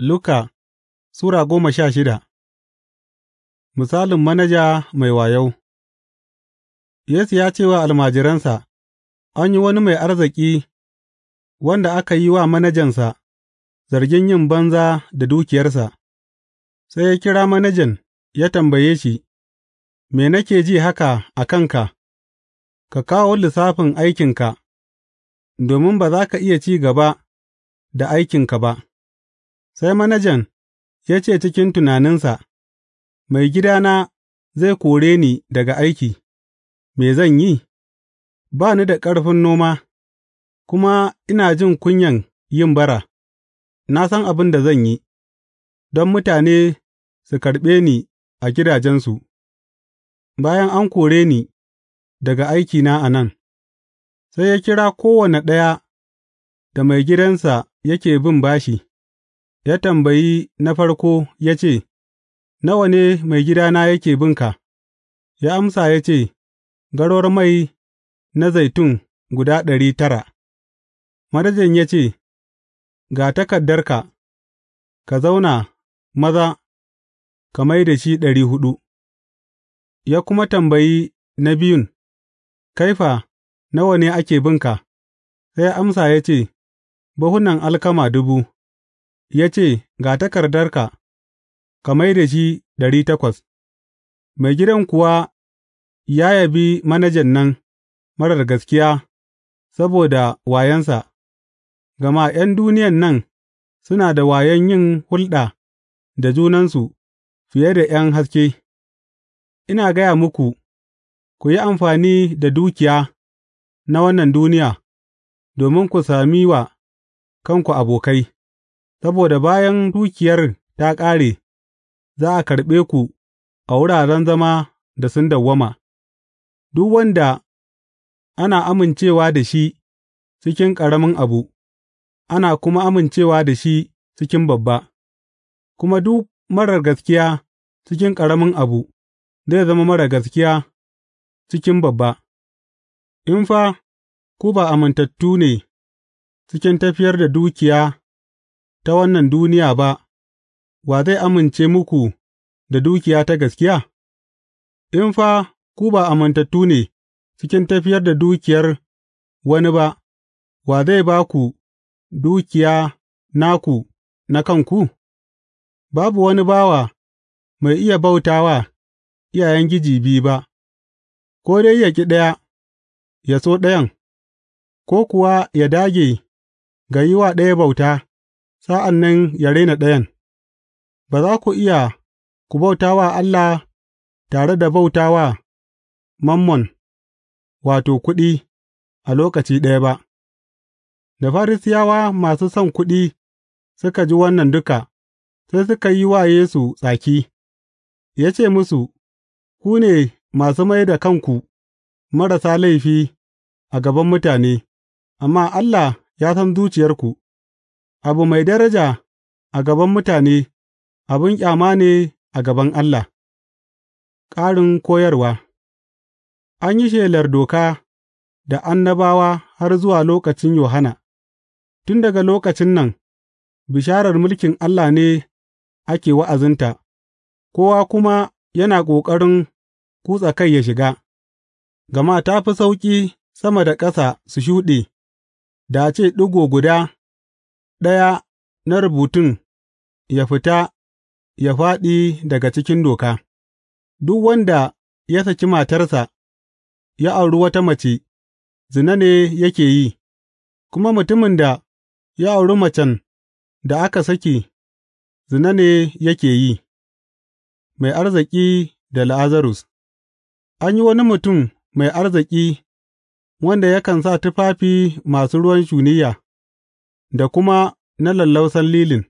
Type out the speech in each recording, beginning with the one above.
Luka Sura goma sha shida Misalin manaja mai wayo Yesu ya ce wa almajiransa, An yi wani mai arziki wanda aka yi wa manajansa zargin yin banza da dukiyarsa, sai ya kira manajan ya tambaye shi, Me nake ji haka a kanka, ka kawo lissafin aikinka, domin ba za ka iya ci gaba da aikinka ba. Sai manajan ya ce cikin tunaninsa, mai Maigidana zai kore ni daga aiki, me zan yi, ba ni da ƙarfin noma, kuma ina jin kunyan yin bara; na san abin da zan yi, don mutane su karɓe ni a gidajensu, bayan an kore ni daga aikina a nan, sai ya kira kowane ɗaya da mai maigidansa yake bin bashi. Ya tambayi na farko ya ce, Nawa ne maigidana yake binka?’ Ya amsa ya ce, Garwar mai na zaitun guda ɗari tara.’ Manajan ya ce, Ga takardarka, ka zauna maza ka mai da shi ɗari huɗu.’ Ya kuma tambayi na biyun, 'Kaifa nawa ne ake binka?’ Sai ya amsa ya ce, bahunan alkama dubu.’ ya ce, Ga takardarka, ka mai da shi ɗari takwas, maigidan kuwa ya yabi manajan nan marar gaskiya saboda wayansa. gama ’yan duniyan nan suna da wayon yin hulɗa da junansu fiye da ’yan haske, ina gaya muku, ku yi amfani da dukiya na wannan duniya, domin ku sami wa kanku abokai. Saboda bayan dukiyar ta ƙare, za a karɓe ku a wuraren zama da sun dawwama, duk wanda ana amincewa da shi cikin ƙaramin abu, ana kuma amincewa da shi cikin babba, kuma duk marar gaskiya cikin ƙaramin abu zai zama marar gaskiya cikin babba, in fa ku ba amintattu ne cikin tafiyar da dukiya. ta wannan duniya ba, wa zai amince muku da dukiya ta gaskiya? In fa ku ba amintattu ne cikin tafiyar da dukiyar wani ba, wa zai ba ku dukiya naku na kanku? Babu wani bawa mai iya bauta wa iyayen giji biyu ba, ko dai ya ƙi ɗaya, ya so ɗayan, ko kuwa ya dage ga yi wa ɗaya bauta. sa'an nan yă rena ɗayan, ba za ku iya ku bauta wa Allah tare da bauta wa Mammon, wato, kuɗi, a lokaci ɗaya ba. Da Farisiyawa masu son kuɗi suka ji wannan duka, sai suka yi wa Yesu tsaki, ya ce musu, Ku ne masu mai da kanku marasa laifi a gaban mutane, amma Allah ya san zuciyarku. Abu mai daraja a gaban mutane abin ƙyama ne a gaban Allah Ƙarin koyarwa An yi shelar Doka da Annabawa har zuwa lokacin Yohana. tun daga lokacin nan, bisharar mulkin Allah ne ake wa'azinta, kowa kuma yana ƙoƙarin kutsa kai ya shiga, gama ta fi sauƙi sama da ƙasa su shuɗe, da a ce ɗigo guda ɗaya na rubutun ya fita ya fāɗi daga cikin doka, duk wanda ya saki matarsa, ya auri wata mace, zina ne yake yi, kuma mutumin da ya auri macen da aka saki, zina ne yake yi, mai arziki da la'azarus. An yi wani mutum mai arziki wanda yakan sa tufafi masu ruwan shuniya. da kuma na lallausan lilin,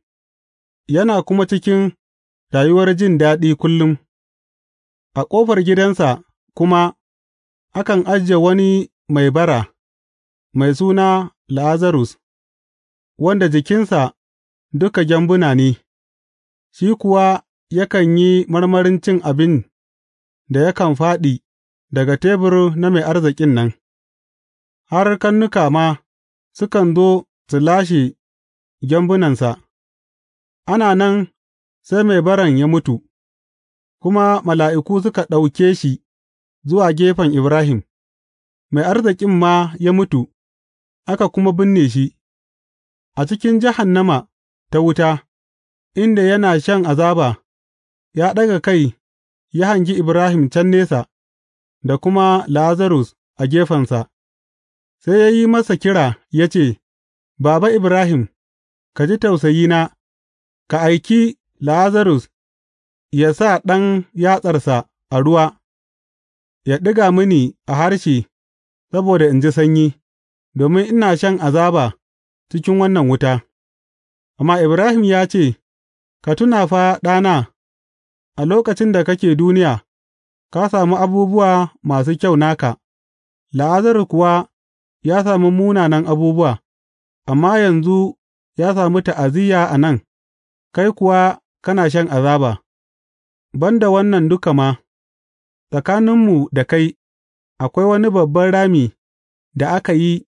yana kuma cikin rayuwar jin daɗi kullum, a ƙofar gidansa kuma akan ajiye wani mai bara mai suna Lazarus, wanda jikinsa duka gyambuna ne, shi kuwa yakan yi marmarin cin abin da yakan fāɗi daga tebur na mai arzikin nan, har kannuka ma sukan zo su lashe gyambunansa, ana nan sai mai baran ya mutu, kuma mala'iku suka ɗauke shi zuwa gefen Ibrahim, mai arzikin ma ya mutu, aka kuma binne shi, a cikin jahannama ta wuta, inda yana shan azaba, ya ɗaga kai ya hangi Ibrahim can nesa da kuma Lazarus a gefensa, sai ya yi masa kira ya ce, Baba Ibrahim, ka ji tausayina, ka aiki Lazarus yă sa ɗan yatsarsa a ruwa, yă ɗiga mini a harshe saboda in ji sanyi, domin ina shan azaba cikin wannan wuta.’ Amma Ibrahim ya ce, Ka tuna fa, ɗana, a lokacin da kake duniya, ka sami abubuwa masu kyau naka, Lazarus kuwa ya sami munanan abubuwa. Amma yanzu ya sami ta'aziyya a nan, kai kuwa kana shan azaba; ban da wannan duka ma, tsakaninmu da kai akwai wani babban rami da aka yi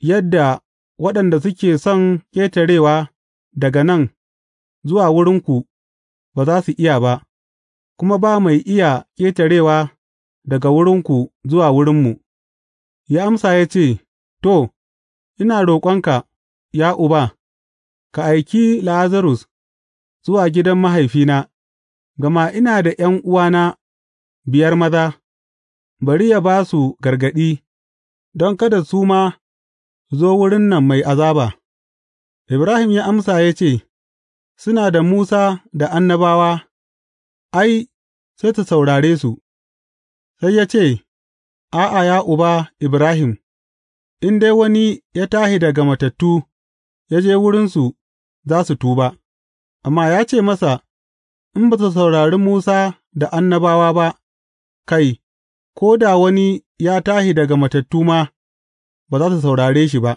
yadda waɗanda suke son ƙetarewa daga nan zuwa wurinku ba za su iya ba, kuma ba mai iya ƙetarewa daga wurinku zuwa wurinmu.’ Ya amsa ya ce, To, ina roƙonka. Ya Uba, ka aiki Lazarus zuwa gidan mahaifina, gama ina da ’yan'uwana biyar maza, bari ya ba su gargaɗi, don kada su ma zo wurin nan mai azaba.’ Ibrahim ya amsa ya ce, Suna da Musa da Annabawa, ai, sai ta saurare su, sai ya ce, A'a, ya Uba Ibrahim, in dai wani ya tashi daga matattu. ya je wurinsu za su tuba, amma ya ce masa, In ba su saurari Musa da annabawa ba, kai, ko da wani ya tashi daga matattu ma, ba za su saurare shi ba.